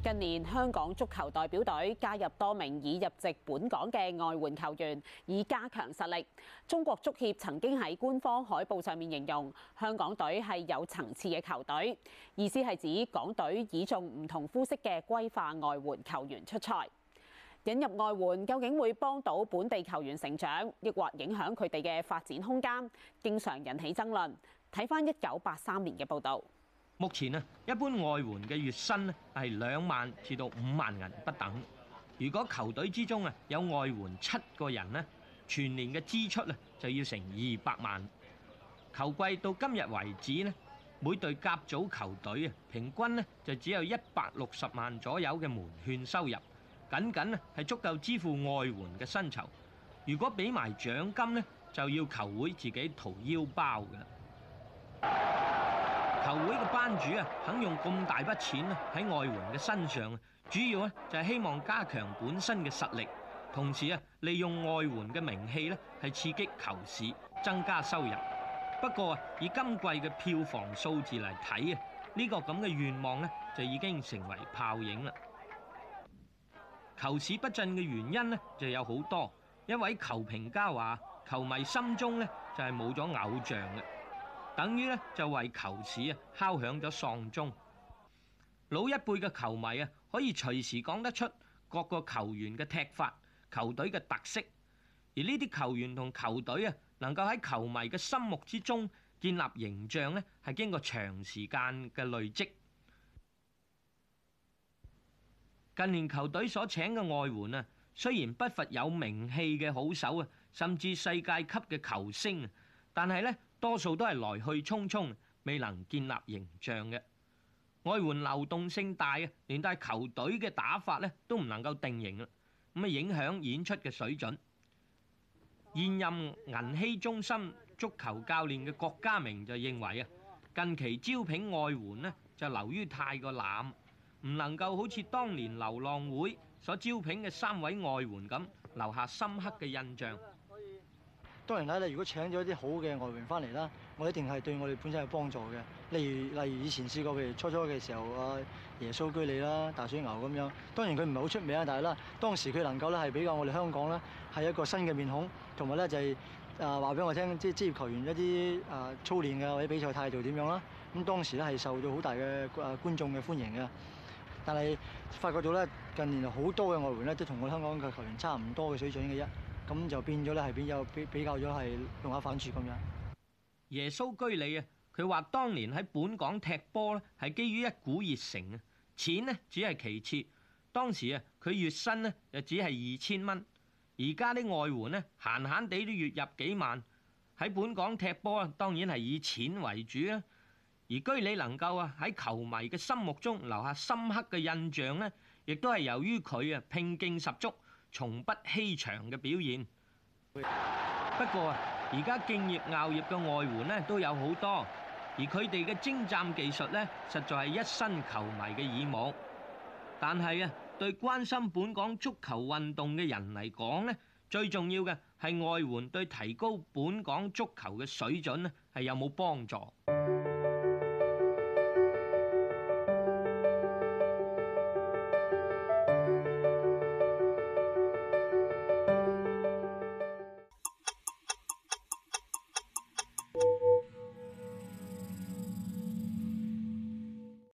近年香港足球代表隊加入多名已入籍本港嘅外援球員，以加強實力。中國足協曾經喺官方海報上面形容香港隊係有層次嘅球隊，意思係指港隊以眾唔同膚色嘅歸化外援球員出賽。引入外援究竟會幫到本地球員成長，抑或影響佢哋嘅發展空間，經常引起爭論，睇返1983年嘅報道。目前啊，一般外援嘅月薪咧係兩萬至到五萬銀不等。如果球隊之中啊有外援七個人咧，全年嘅支出啊就要成二百萬。球季到今日為止咧，每隊甲組球隊啊，平均咧就只有一百六十萬左右嘅門券收入，僅僅咧係足夠支付外援嘅薪酬。如果俾埋獎金咧，就要球會自己掏腰包嘅喇。球會嘅班主啊，肯用咁大筆錢啊喺外援嘅身上，主要咧就係希望加強本身嘅實力，同時啊利用外援嘅名氣咧係刺激球市，增加收入。不過啊以今季嘅票房數字嚟睇啊，呢個咁嘅願望咧就已經成為泡影啦。球市不振嘅原因咧就有好多，一位球評家話：球迷心中咧就係冇咗偶像嘅。等於咧就為球市啊敲響咗喪鐘。老一輩嘅球迷啊，可以隨時講得出各個球員嘅踢法、球隊嘅特色，而呢啲球員同球隊啊，能夠喺球迷嘅心目之中建立形象咧，係經過長時間嘅累積。近年球隊所請嘅外援啊，雖然不乏有名氣嘅好手啊，甚至世界級嘅球星啊，但係咧，多數都係來去匆匆，未能建立形象，嘅外援流動性大啊，連帶球隊嘅打法咧都唔能夠定型啦，咁啊影響演出嘅水準。現任銀禧中心足球教練嘅郭家明就認為啊，近期招聘外援咧就流於太過濫，唔能夠好似當年流浪會所招聘嘅三位外援咁留下深刻嘅印象。當然啦，如果請咗啲好嘅外援翻嚟啦，我一定係對我哋本身有幫助嘅。例如，例如以前試過譬如初初嘅時候，阿耶穌居里啦、大水牛咁樣。當然佢唔係好出名啊，但係啦，當時佢能夠咧係比較我哋香港咧係一個新嘅面孔，同埋咧就係啊話俾我聽，即係職業球員一啲啊、呃、操練嘅或者比賽態度點樣啦。咁當時咧係受到好大嘅啊、呃、觀眾嘅歡迎嘅。但係發覺到咧近年好多嘅外援咧都同我香港嘅球員差唔多嘅水準嘅啫。咁就變咗咧，係邊又比比較咗係用下反轉咁樣。耶穌居里啊，佢話當年喺本港踢波咧，係基於一股熱誠啊，錢呢，只係其次。當時啊，佢月薪呢，又只係二千蚊，而家啲外援呢，閒閒地都月入幾萬。喺本港踢波啊，當然係以錢為主啊。而居里能夠啊喺球迷嘅心目中留下深刻嘅印象咧，亦都係由於佢啊拼勁十足。從不欺場嘅表現。Hey.